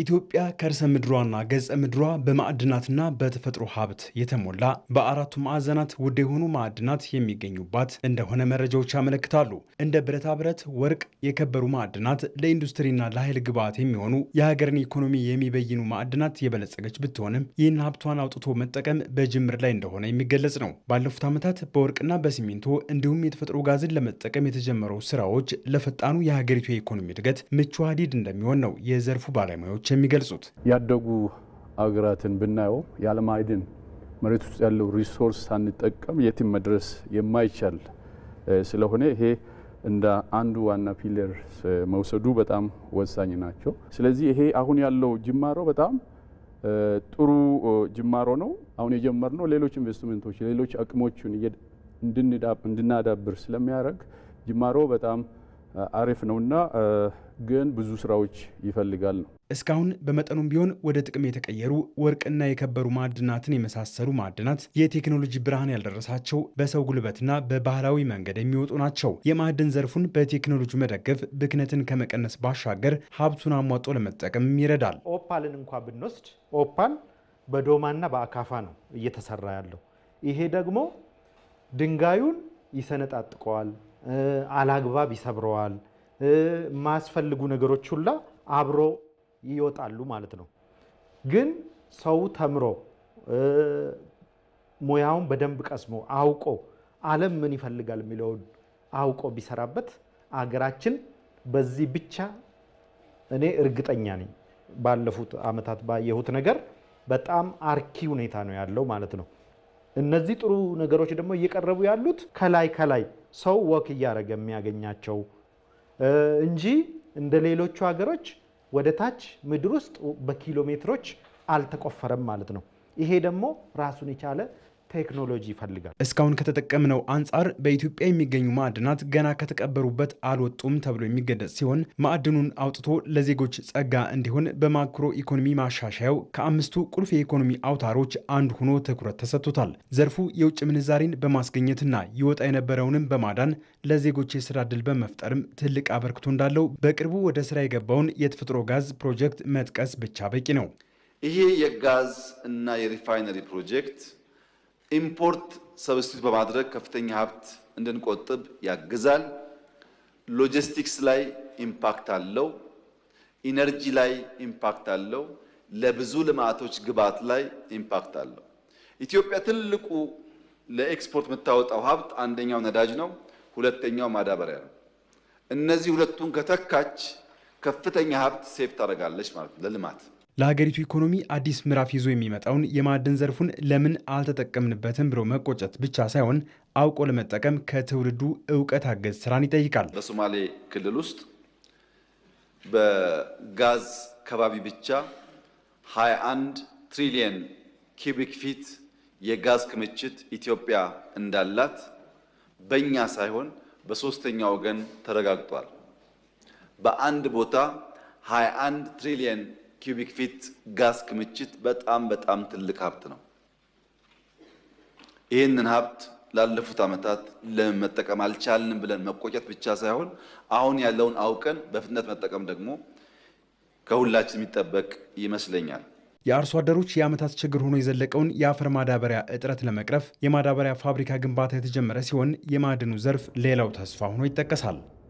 ኢትዮጵያ ከርሰ ምድሯና ገጸ ምድሯ በማዕድናትና በተፈጥሮ ሀብት የተሞላ በአራቱ ማዕዘናት ውድ የሆኑ ማዕድናት የሚገኙባት እንደሆነ መረጃዎች ያመለክታሉ። እንደ ብረታ ብረት፣ ወርቅ የከበሩ ማዕድናት ለኢንዱስትሪና ለኃይል ግብዓት የሚሆኑ የሀገርን ኢኮኖሚ የሚበይኑ ማዕድናት የበለጸገች ብትሆንም ይህን ሀብቷን አውጥቶ መጠቀም በጅምር ላይ እንደሆነ የሚገለጽ ነው። ባለፉት ዓመታት በወርቅና በሲሚንቶ እንዲሁም የተፈጥሮ ጋዝን ለመጠቀም የተጀመረው ስራዎች ለፈጣኑ የሀገሪቱ የኢኮኖሚ እድገት ምቹ ሀዲድ እንደሚሆን ነው የዘርፉ ባለሙያዎች የሚገልጹት። ያደጉ አገራትን ብናየው የዓለም አይድን መሬት ውስጥ ያለው ሪሶርስ ሳንጠቀም የትም መድረስ የማይቻል ስለሆነ ይሄ እንደ አንዱ ዋና ፒለር መውሰዱ በጣም ወሳኝ ናቸው። ስለዚህ ይሄ አሁን ያለው ጅማሮ በጣም ጥሩ ጅማሮ ነው። አሁን የጀመርነው ሌሎች ኢንቨስትመንቶች ሌሎች አቅሞችን እንድናዳብር ስለሚያደርግ ጅማሮ በጣም አሪፍ ነውና ግን ብዙ ስራዎች ይፈልጋል ነው። እስካሁን በመጠኑም ቢሆን ወደ ጥቅም የተቀየሩ ወርቅና የከበሩ ማዕድናትን የመሳሰሉ ማዕድናት የቴክኖሎጂ ብርሃን ያልደረሳቸው በሰው ጉልበትና በባህላዊ መንገድ የሚወጡ ናቸው። የማዕድን ዘርፉን በቴክኖሎጂ መደገፍ ብክነትን ከመቀነስ ባሻገር ሀብቱን አሟጦ ለመጠቀም ይረዳል። ኦፓልን እንኳ ብንወስድ ኦፓል በዶማና በአካፋ ነው እየተሰራ ያለው። ይሄ ደግሞ ድንጋዩን ይሰነጣጥቀዋል። አላግባብ ይሰብረዋል። የማያስፈልጉ ነገሮች ሁላ አብሮ ይወጣሉ ማለት ነው። ግን ሰው ተምሮ ሙያውን በደንብ ቀስሞ አውቆ ዓለም ምን ይፈልጋል የሚለውን አውቆ ቢሰራበት አገራችን በዚህ ብቻ እኔ እርግጠኛ ነኝ። ባለፉት ዓመታት ባየሁት ነገር በጣም አርኪ ሁኔታ ነው ያለው ማለት ነው። እነዚህ ጥሩ ነገሮች ደግሞ እየቀረቡ ያሉት ከላይ ከላይ ሰው ወክ እያደረገ የሚያገኛቸው እንጂ እንደ ሌሎቹ ሀገሮች ወደ ታች ምድር ውስጥ በኪሎ ሜትሮች አልተቆፈረም ማለት ነው። ይሄ ደግሞ ራሱን የቻለ ቴክኖሎጂ ይፈልጋል። እስካሁን ከተጠቀምነው አንጻር በኢትዮጵያ የሚገኙ ማዕድናት ገና ከተቀበሩበት አልወጡም ተብሎ የሚገለጽ ሲሆን ማዕድኑን አውጥቶ ለዜጎች ጸጋ እንዲሆን በማክሮ ኢኮኖሚ ማሻሻያው ከአምስቱ ቁልፍ የኢኮኖሚ አውታሮች አንዱ ሆኖ ትኩረት ተሰጥቶታል። ዘርፉ የውጭ ምንዛሬን በማስገኘትና ይወጣ የነበረውንም በማዳን ለዜጎች የስራ ድል በመፍጠርም ትልቅ አበርክቶ እንዳለው በቅርቡ ወደ ስራ የገባውን የተፈጥሮ ጋዝ ፕሮጀክት መጥቀስ ብቻ በቂ ነው። ይሄ የጋዝ እና የሪፋይነሪ ፕሮጀክት ኢምፖርት ሰብስቲት በማድረግ ከፍተኛ ሀብት እንድንቆጥብ ያግዛል። ሎጂስቲክስ ላይ ኢምፓክት አለው። ኢነርጂ ላይ ኢምፓክት አለው። ለብዙ ልማቶች ግብዓት ላይ ኢምፓክት አለው። ኢትዮጵያ ትልቁ ለኤክስፖርት የምታወጣው ሀብት አንደኛው ነዳጅ ነው፣ ሁለተኛው ማዳበሪያ ነው። እነዚህ ሁለቱን ከተካች ከፍተኛ ሀብት ሴፍ ታደርጋለች ማለት ነው ለልማት ለሀገሪቱ ኢኮኖሚ አዲስ ምዕራፍ ይዞ የሚመጣውን የማዕድን ዘርፉን ለምን አልተጠቀምንበትም ብሎ መቆጨት ብቻ ሳይሆን አውቆ ለመጠቀም ከትውልዱ እውቀት አገዝ ስራን ይጠይቃል። በሶማሌ ክልል ውስጥ በጋዝ ከባቢ ብቻ 21 ትሪሊየን ኪቢክ ፊት የጋዝ ክምችት ኢትዮጵያ እንዳላት በእኛ ሳይሆን በሶስተኛ ወገን ተረጋግጧል። በአንድ ቦታ 21 ትሪሊየን ኪዩቢክ ፊት ጋዝ ክምችት በጣም በጣም ትልቅ ሀብት ነው። ይህንን ሀብት ላለፉት ዓመታት ለምን መጠቀም አልቻልንም ብለን መቆጨት ብቻ ሳይሆን አሁን ያለውን አውቀን በፍጥነት መጠቀም ደግሞ ከሁላችን የሚጠበቅ ይመስለኛል። የአርሶ አደሮች የዓመታት ችግር ሆኖ የዘለቀውን የአፈር ማዳበሪያ እጥረት ለመቅረፍ የማዳበሪያ ፋብሪካ ግንባታ የተጀመረ ሲሆን የማዕድኑ ዘርፍ ሌላው ተስፋ ሆኖ ይጠቀሳል።